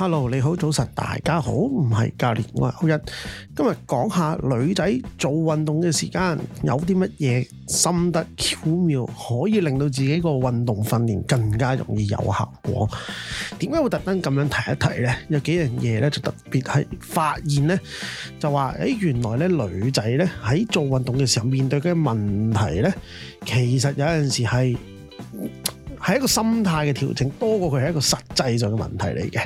Hello，你好，早晨，大家好，唔係教練，我係 Owen。今日講下女仔做運動嘅時間有啲乜嘢心得巧妙，可以令到自己個運動訓練更加容易有效果。點解會特登咁樣提一提呢？有幾樣嘢咧就特別係發現呢，就話誒，原來咧女仔咧喺做運動嘅時候面對嘅問題咧，其實有陣時係。係一個心態嘅調整多過佢係一個實際上嘅問題嚟嘅。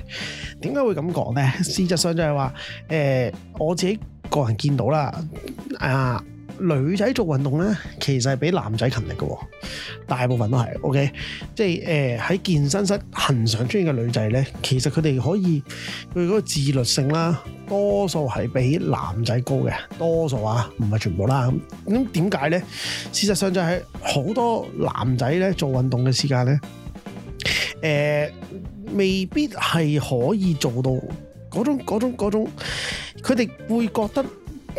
點解會咁講咧？實質上就係話，誒、呃，我自己個人見到啦，啊。女仔做運動咧，其實係比男仔勤力嘅、哦，大部分都係。OK，即係誒喺健身室恆常出現嘅女仔咧，其實佢哋可以佢嗰個自律性啦，多數係比男仔高嘅，多數啊，唔係全部啦。咁點解咧？事實上就係好多男仔咧做運動嘅時間咧、呃，未必係可以做到嗰種嗰種嗰種，佢哋會覺得。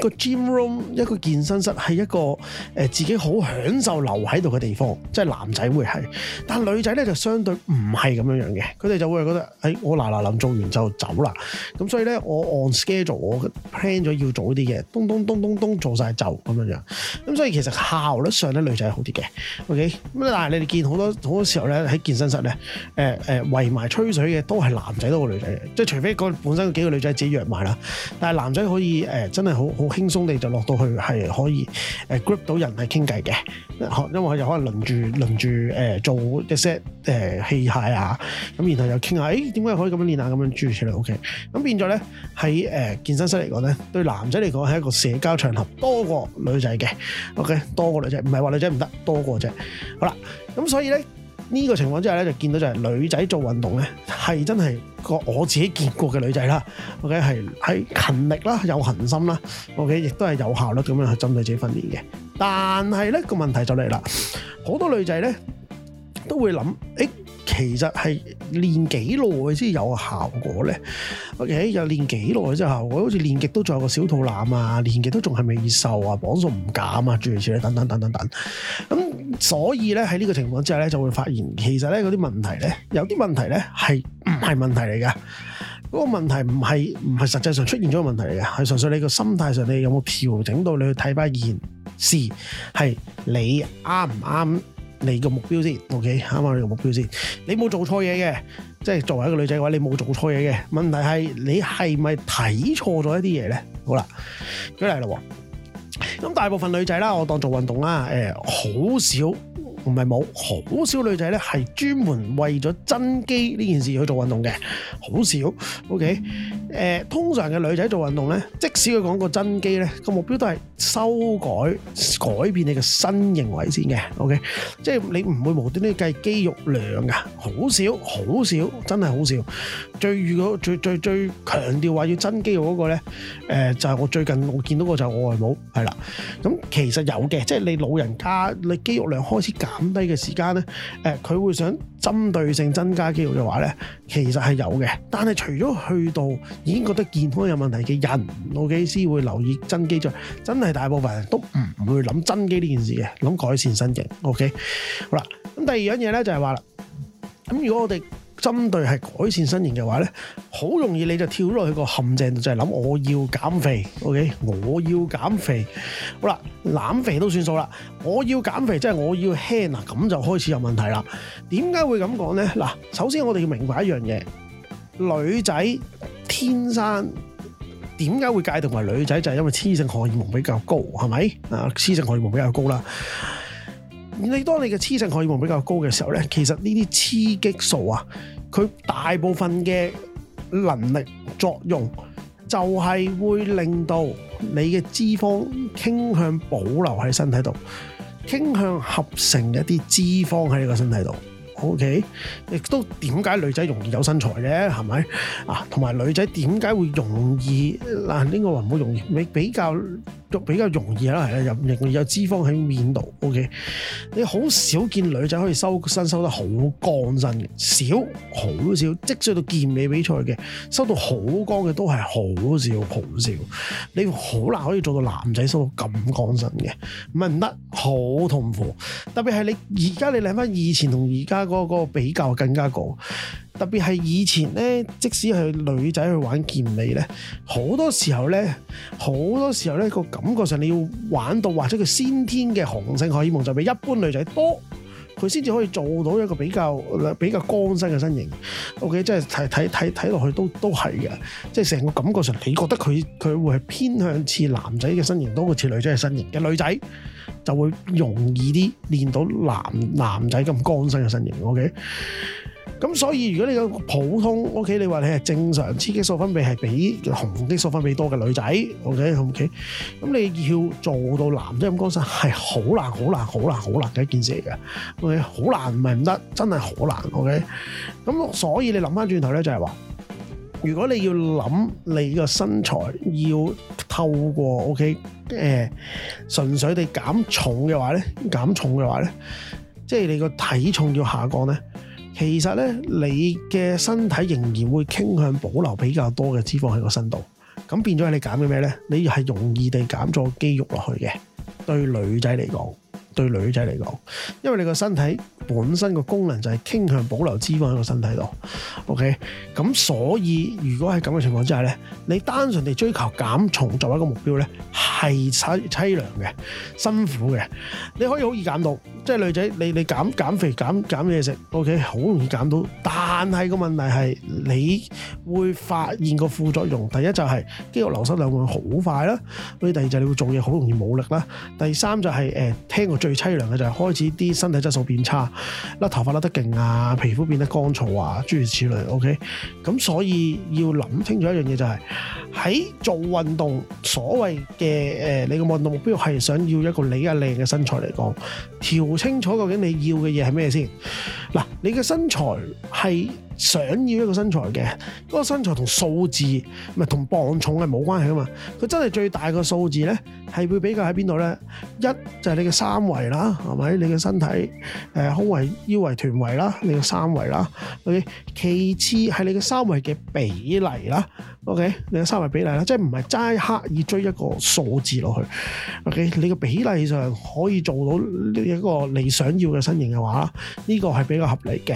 個 gym room 一個健身室係一個、呃、自己好享受留喺度嘅地方，即係男仔會係，但女仔咧就相對唔係咁樣樣嘅，佢哋就會覺得誒、哎、我嗱嗱臨做完就走啦，咁所以咧我 on schedule 我 plan 咗要做啲嘅，咚咚咚咚咚咚咚做晒就咁樣樣，咁所以其實效率上咧女仔係好啲嘅，ok 咁但係你哋見好多好多時候咧喺健身室咧誒圍埋吹水嘅都係男仔多過女仔嘅，即係除非個本身幾個女仔自己約埋啦，但係男仔可以、呃、真係好。好輕鬆地就落到去，係可以誒 group 到人係傾偈嘅，因為佢又可能輪住輪住誒做一些誒、呃、器械啊，咁然後又傾下，誒點解可以咁樣練啊？咁樣諸如此類，OK，咁變咗咧喺誒健身室嚟講咧，對男仔嚟講係一個社交場合多過女仔嘅，OK，多過女仔，唔係話女仔唔得，多過啫。好啦，咁所以咧。呢個情況之下咧，就見到就係女仔做運動咧，係真係個我自己見過嘅女仔啦。O K，係係勤力啦，有恆心啦。O K 亦都係有效率咁樣去針對自己訓練嘅。但係咧，個問題就嚟啦，好多女仔咧都會諗，誒。其實係練幾耐先有效果咧？誒又練幾耐之後，我好似練極都仲有個小肚腩啊，練極都仲係未瘦啊，磅數唔減啊，諸如此類，等等等等等等。咁所以咧喺呢個情況之下咧，就會發現其實咧嗰啲問題咧，有啲問題咧係唔係問題嚟嘅？嗰個問題唔係唔係實際上出現咗個問題嚟嘅，係純粹你個心態上你有冇調整到你去睇翻件事，係你啱唔啱？你個目標先，OK，啱啱你個目標先，你冇做錯嘢嘅，即係作為一個女仔嘅話，你冇做錯嘢嘅。問題係你係咪睇錯咗一啲嘢咧？好啦，舉例咯。咁大部分女仔啦，我當做運動啦，誒、呃，好少，唔係冇，好少女仔咧，係專門為咗增肌呢件事去做運動嘅，好少，OK。誒、呃、通常嘅女仔做運動呢，即使佢講過增肌呢，個目標都係修改改變你嘅身形為先嘅，OK？即係你唔會無端端計肌肉量㗎，好少好少，真係好少。最遇到最最最強調話要增肌嗰個呢、呃，就係、是、我最近我見到個就係我外母，係啦。咁其實有嘅，即係你老人家你肌肉量開始減低嘅時間呢，誒、呃、佢會想。針對性增加肌肉嘅話呢，其實係有嘅，但係除咗去到已經覺得健康有問題嘅人，老機師會留意增肌之外，真係大部分人都唔會諗增肌呢件事嘅，諗改善身形。OK，好啦，咁第二樣嘢呢，就係話啦，咁如果我哋針對係改善身形嘅話呢，好容易你就跳落去個陷阱度，就係諗我要減肥，OK？我要減肥，好啦，減肥都算數啦。我要減肥，即係我要輕啊，咁就開始有問題啦。點解會咁講呢？嗱，首先我哋要明白一樣嘢，女仔天生點解會界定為女仔，就係因為雌性荷爾蒙比較高，係咪啊？雌性荷爾蒙比較高啦。你當你嘅雌性荷爾蒙比較高嘅時候呢，其實呢啲雌激素啊，佢大部分嘅能力作用就係會令到你嘅脂肪傾向保留喺身體度，傾向合成一啲脂肪喺你個身體度。O.K. 亦都點解女仔容易有身材咧？係咪啊？同埋女仔點解會容易嗱？呢個話唔好容易，你比較比較容易啦，係啦，又容易有脂肪喺面度。O.K. 你好少見女仔可以收身收得好乾身嘅，少好少。即使到健美比賽嘅，收到好乾嘅都係好少好少。你好難可以做到男仔收咁乾身嘅，唔係唔得，好痛苦。特別係你而家你睇翻以前同而家。個比較更加高，特別係以前呢，即使係女仔去玩健美呢，好多時候呢，好多時候呢個感覺上你要玩到或者佢先天嘅雄性荷爾蒙就比一般女仔多。佢先至可以做到一個比較比較乾身嘅身形，OK，即係睇睇睇睇落去都都係嘅，即係成個感覺上，你覺得佢佢會係偏向似男仔嘅身形，多過似女仔嘅身形嘅女仔就會容易啲練到男男仔咁乾身嘅身形，OK。咁所以如果你個普通 O K，你話你係正常雌激素分泌係比雄激素分泌多嘅女仔，O K O K，咁你要做到男仔咁高身係好難好難好難好難嘅一件事嚟嘅，O K 好難，唔係唔得，真係好難，O K。咁所以你諗翻轉頭咧就係話，如果你要諗你個身材要透過 O K 誒純粹地減重嘅話咧，減重嘅話咧，即係你個體重要下降咧。其實呢，你嘅身體仍然會傾向保留比較多嘅脂肪喺個身度，咁變咗係你減咗咩呢？你係容易地減咗肌肉落去嘅，對女仔嚟講。對女仔嚟講，因為你個身體本身個功能就係傾向保留脂肪喺個身體度，OK？咁所以如果係咁嘅情況之下呢，你單純地追求減重作為一個目標呢，係悽淒涼嘅、辛苦嘅。你可以好易減到，即係女仔，你你減減肥減減嘢食，OK？好容易減到，但係個問題係你會發現個副作用，第一就係肌肉流失量會好快啦，所以第二就係你會做嘢好容易冇力啦，第三就係、是、誒、呃、聽個最淒涼嘅就係開始啲身體質素變差，甩頭髮甩得勁啊，皮膚變得乾燥啊，諸如此類。OK，咁所以要諗清楚一樣嘢就係、是、喺做運動，所謂嘅誒、呃、你嘅運動目標係想要一個你啊靚嘅身材嚟講，調清楚究竟你要嘅嘢係咩先。嗱，你嘅身材係，想要一個身材嘅，嗰個身材同數字唔係同磅重，係冇關係啊嘛。佢真係最大嘅數字咧，係會比較喺邊度咧？一就係你嘅三圍啦，係咪？你嘅身體誒胸圍、腰圍、臀圍啦，你嘅三圍啦。O.K. 其次係你嘅三圍嘅比例啦。O.K. 你嘅三圍比例啦，即係唔係齋刻意追一個數字落去。O.K. 你嘅比例上可以做到呢一個你想要嘅身形嘅話，呢個係比較合理嘅。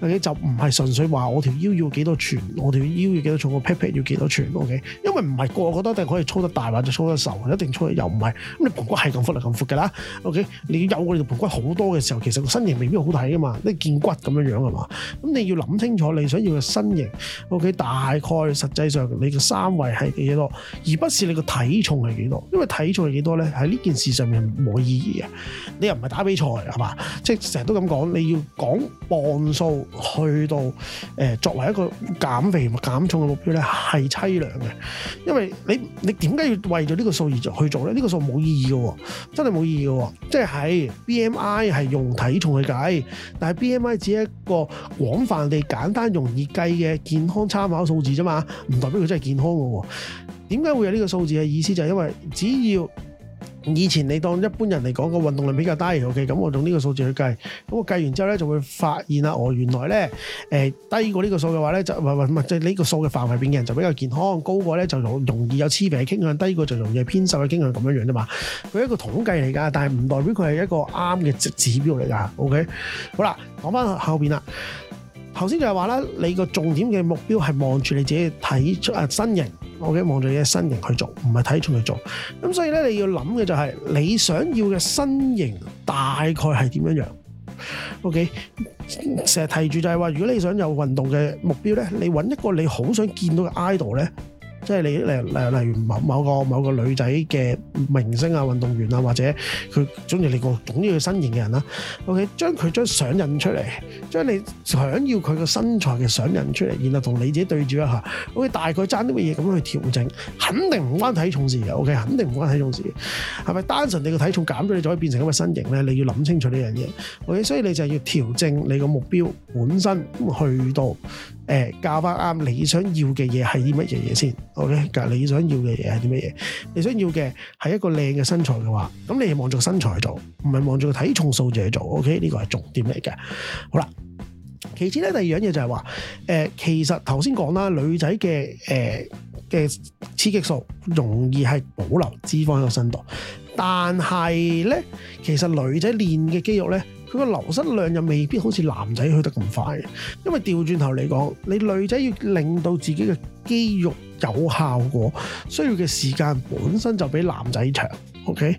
O.K. 就唔係純粹。所以話我條腰要幾多寸？我條腰要幾多重？個屁屁要幾多寸？OK，因為唔係個個都一定可以操得大或者操得瘦，一定操得又唔係。咁你盆骨係咁闊係咁闊嘅啦。OK，你要有個條盆骨好多嘅時候，其實個身形未必好睇噶嘛，你見骨咁樣樣係嘛？咁你要諗清楚你想要嘅身形。OK，大概實際上你嘅三圍係幾多，而不是你個體重係幾多。因為體重係幾多咧？喺呢件事上面冇意義嘅。你又唔係打比賽係嘛？即係成日都咁講，你要講磅數去到。誒作為一個減肥、減重嘅目標咧，係淒涼嘅，因為你你點解要為咗呢個數而去做咧？呢、這個數冇意義嘅喎，真係冇意義嘅喎，即係 BMI 係用體重去計，但係 BMI 只係一個廣泛地簡單容易計嘅健康參考數字啫嘛，唔代表佢真係健康嘅喎。點解會有呢個數字嘅意思就係因為只要。以前你當一般人嚟講個運動量比較低，OK，咁我用呢個數字去計，咁我計完之後咧就會發現啦，哦，原來咧誒、呃、低過呢個數嘅話咧就唔唔唔係即係呢個數嘅範圍入邊嘅人就比較健康，高過咧就容容易有黐肥嘅傾向，低過就容易偏瘦嘅傾向咁樣樣啫嘛。佢係一個統計嚟㗎，但係唔代表佢係一個啱嘅指標嚟㗎，OK 好。好啦，講翻後邊啦。頭先就係話啦，你個重點嘅目標係望住你自己睇出誒身形，OK，望住你嘅身形去做，唔係體重去做。咁所以咧，你要諗嘅就係你想要嘅身形大概係點樣樣。OK，成日提住就係話，如果你想有運動嘅目標咧，你揾一個你好想見到嘅 idol 咧。即係你，例例如某某個某個女仔嘅明星啊、運動員啊，或者佢中意你個中意佢身形嘅人啦、啊。OK，將佢將相印出嚟，將你想要佢個身材嘅相印出嚟，然後同你自己對住一下。OK，大概爭啲乜嘢咁樣去調整，肯定唔關體重事嘅。OK，肯定唔關體重事嘅。係咪單純你個體重減咗，你就可以變成咁嘅身形咧？你要諗清楚呢樣嘢。OK，所以你就係要調整你個目標本身去到。誒教翻啱你想要嘅嘢係啲乜嘢嘢先？OK，你想要嘅嘢係啲乜嘢？你想要嘅係一個靚嘅身材嘅話，咁你望住個身材去做，唔係望住個體重數字去做。OK，呢個係重點嚟嘅。好啦，其次咧，第二樣嘢就係話、呃，其實頭先講啦，女仔嘅、呃、刺嘅雌激素容易係保留脂肪喺個身度，但係咧，其實女仔練嘅肌肉咧。佢個流失量又未必好似男仔去得咁快，因為掉轉頭嚟講，你女仔要令到自己嘅肌肉有效果，需要嘅時間本身就比男仔長。OK，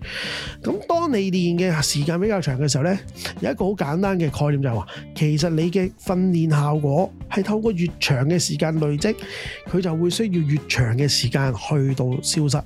咁當你練嘅時間比較長嘅時候呢，有一個好簡單嘅概念就係話，其實你嘅訓練效果係透過越長嘅時間累積，佢就會需要越長嘅時間去到消失。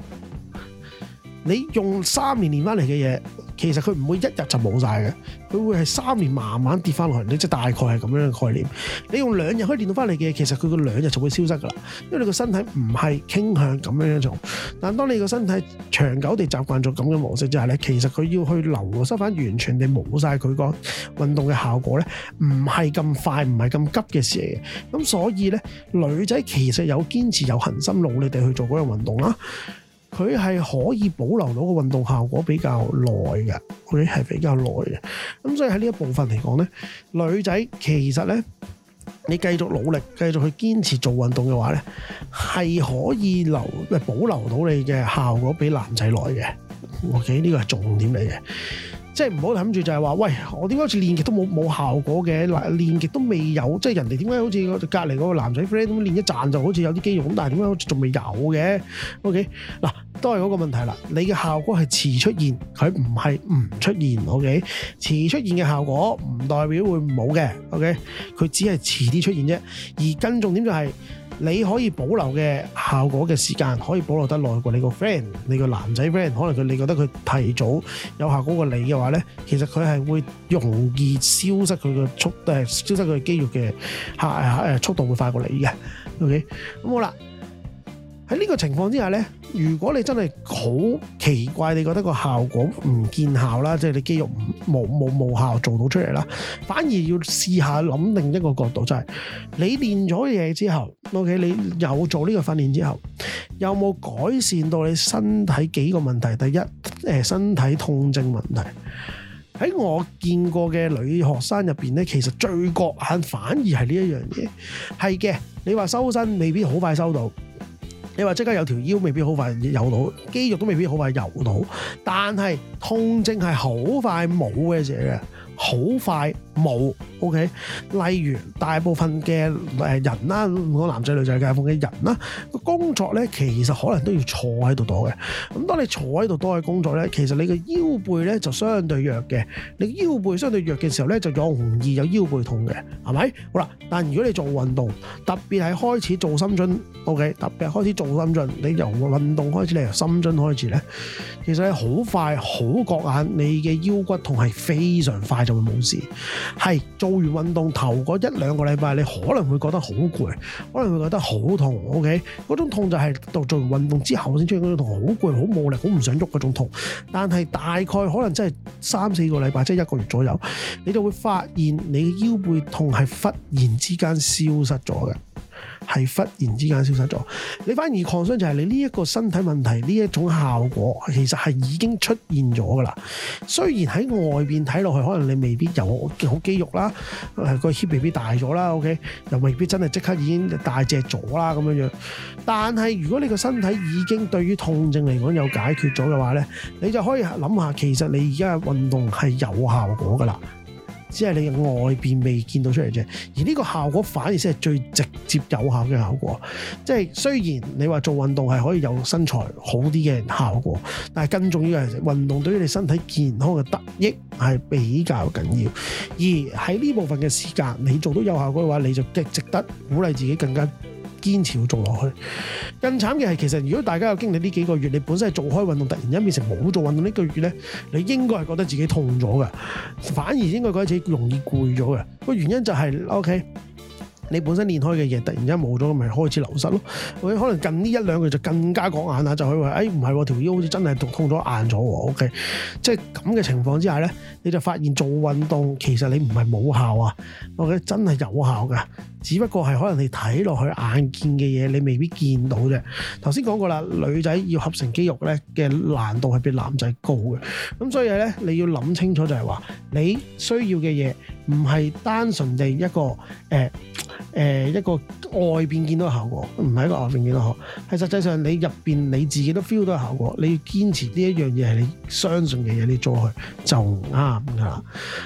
你用三年練翻嚟嘅嘢。其實佢唔會一日就冇曬嘅，佢會係三年慢慢跌翻落去，你即係大概係咁樣嘅概念。你用兩日可以練到翻嚟嘅，其實佢個兩日就會消失㗎啦，因為你個身體唔係傾向咁樣做。但係當你個身體長久地習慣咗咁樣模式之後呢，其實佢要去流流失翻完全地冇曬佢個運動嘅效果呢，唔係咁快，唔係咁急嘅事嚟嘅。咁所以呢，女仔其實有堅持、有恆心、努力地去做嗰樣運動啦。佢係可以保留到個運動效果比較耐嘅，佢係比較耐嘅。咁所以喺呢一部分嚟講呢，女仔其實呢，你繼續努力，繼續去堅持做運動嘅話呢，係可以留保留到你嘅效果比男仔耐嘅。我記得，呢個係重點嚟嘅。即係唔好諗住就係話，喂，我點解好似練極都冇冇效果嘅？練練極都未有，即係人哋點解好似隔離嗰個男仔 friend 咁練一陣就好似有啲肌肉咁，但係點解好似仲未有嘅？OK，嗱，都係嗰個問題啦。你嘅效果係遲出現，佢唔係唔出現。OK，遲出現嘅效果唔代表會冇嘅。OK，佢只係遲啲出現啫。而更重點就係。你可以保留嘅效果嘅時間，可以保留得耐過你個 friend，你個男仔 friend，可能佢，你覺得佢提早有效果過你嘅話咧，其實佢係會容易消失佢嘅速，誒消失佢嘅肌肉嘅，嚇誒誒速度會快過你嘅，OK，咁好啦。喺呢個情況之下呢，如果你真係好奇怪，你覺得個效果唔見效啦，即係你肌肉冇冇冇效做到出嚟啦，反而要試下諗另一個角度，就係、是、你練咗嘢之後，OK，你有做呢個訓練之後，有冇改善到你身體幾個問題？第一，誒身體痛症問題。喺我見過嘅女學生入邊呢，其實最覺眼反而係呢一樣嘢。係嘅，你話修身未必好快收到。你話即刻有條腰，未必好快有到，肌肉都未必好快有到，但係痛症係好快冇嘅啫，好快。冇，OK。例如大部分嘅人啦，唔論男仔女仔介乎嘅人啦，個工作咧其實可能都要坐喺度度嘅。咁當你坐喺度多嘅工作咧，其實你嘅腰背咧就相對弱嘅。你腰背相對弱嘅時候咧，就容易有腰背痛嘅，係咪？好啦，但如果你做運動，特別係開始做深蹲，OK。特別係開始做深蹲，你由運動開始，你由深蹲開始咧，其實你好快好覺眼，你嘅腰骨痛係非常快就會冇事。係做完運動頭嗰一兩個禮拜，你可能會覺得好攰，可能會覺得好痛。OK，嗰種痛就係到做完運動之後先出現嗰種痛，好攰、好冇力、好唔想喐嗰種痛。但係大概可能真係三四個禮拜，即係一個月左右，你就會發現你嘅腰背痛係忽然之間消失咗嘅。係忽然之間消失咗，你反而擴張就係你呢一個身體問題呢一種效果，其實係已經出現咗噶啦。雖然喺外邊睇落去，可能你未必有好肌肉啦，個 hip 未必大咗啦，OK，又未必真係即刻已經大隻咗啦咁樣樣。但係如果你個身體已經對於痛症嚟講有解決咗嘅話呢，你就可以諗下，其實你而家嘅運動係有效果噶啦。只係你外邊未見到出嚟啫，而呢個效果反而先係最直接有效嘅效果。即係雖然你話做運動係可以有身材好啲嘅效果，但係更重要嘅係運動對於你身體健康嘅得益係比較緊要。而喺呢部分嘅時間，你做到有效果嘅話，你就極值得鼓勵自己更加。堅持要做落去。更慘嘅係，其實如果大家有經歷呢幾個月，你本身係做開運動，突然間變成冇做運動呢個月呢，你應該係覺得自己痛咗嘅，反而應該覺得自己容易攰咗嘅。個原因就係 OK。Okay. 你本身練開嘅嘢，突然之間冇咗，咪開始流失咯。okay? 或者可能近呢一兩個月就更加講硬喇，就可以話，誒唔係喎，條腰好似真係痛痛咗硬咗。O.K.，即係咁嘅情況之下呢，你就發現做運動其實你唔係冇效啊。我覺得真係有效噶，只不過係可能你睇落去眼見嘅嘢，你未必見到啫。頭先講過啦，女仔要合成肌肉呢嘅難度係比男仔高嘅。咁所以呢，你要諗清楚就係話，你需要嘅嘢。唔係單純地一個誒誒、呃呃、一個外邊見到效果，唔係一個外邊見到嗬，係實際上你入邊你自己都 feel 到效果。你要堅持呢一樣嘢係你相信嘅嘢，你做去就唔啱啦。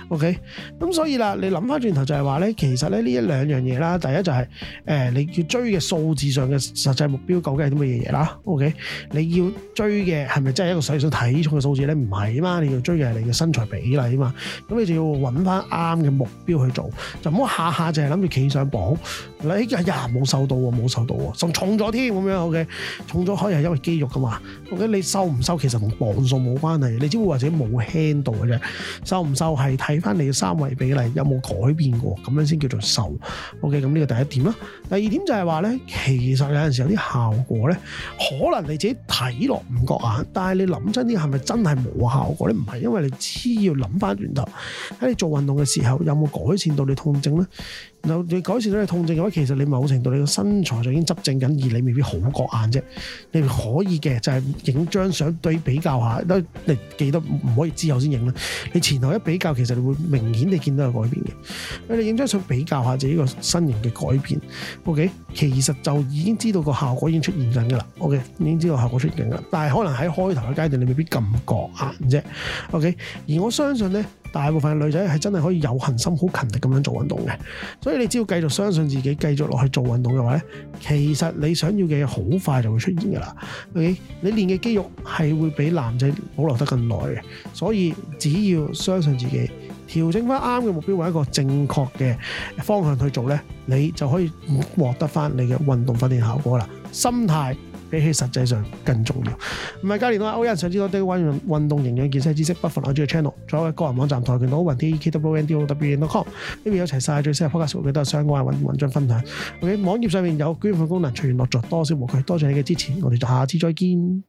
OK，咁所以啦，你諗翻轉頭就係話咧，其實咧呢這一兩樣嘢啦，第一就係、是、誒、呃、你要追嘅數字上嘅實際目標究竟係啲乜嘢嘢啦？OK，你要追嘅係咪真係一個體重嘅數字咧？唔係啊嘛，你要追嘅係你嘅身材比例啊嘛。咁你就要揾翻啱嘅目標去做，就唔好下下就係諗住企上磅，你日日。啊，冇瘦到喎，冇瘦到喎，重咗添咁樣。OK，重咗可以係因為肌肉噶嘛。OK，你瘦唔瘦其實同磅數冇關係，你只會或者冇輕到嘅啫。瘦唔瘦係睇翻你嘅三圍比例有冇改變過，咁樣先叫做瘦。OK，咁呢個第一點啦。第二點就係話咧，其實有陣時有啲效果咧，可能你自己睇落唔覺眼，但係你諗真啲係咪真係冇效果咧？唔係因為，你知要諗翻轉頭喺你做運動嘅時候有冇改善到你痛症咧？然後你改善到你痛症嘅話，其實你某程度你個身材就已經執正緊，而你未必好覺眼啫。你可以嘅就係、是、影張相對比較下，你嚟，記得唔可以之後先影啦。你前後一比較，其實你會明顯地見到有改變嘅。你影張相比較下自己個身形嘅改變，OK，其實就已經知道個效果已經出現緊噶啦。OK，已經知道效果出現緊噶啦，但係可能喺開頭嘅階段你未必咁覺眼啫。OK，而我相信咧。大部分女仔係真係可以有恒心，好勤力咁樣做運動嘅，所以你只要繼續相信自己，繼續落去做運動嘅話呢，其實你想要嘅嘢好快就會出現噶啦。你練嘅肌肉係會比男仔保留得更耐嘅，所以只要相信自己，調整翻啱嘅目標，揾一個正確嘅方向去做呢，你就可以獲得翻你嘅運動訓練效果啦。心態比起實際上更重要，唔係教年。同歐人想知道啲運動運動營養健身知識，不妨按住個 channel，再我個人網站跆拳道運 TAEKWONDOWEN.com 呢邊有齊晒最新嘅 Podcast，都係相關運文章分享。O K，網頁上面有捐款功能，隨緣樂助多少，無拘，多謝你嘅支持，我哋下次再見。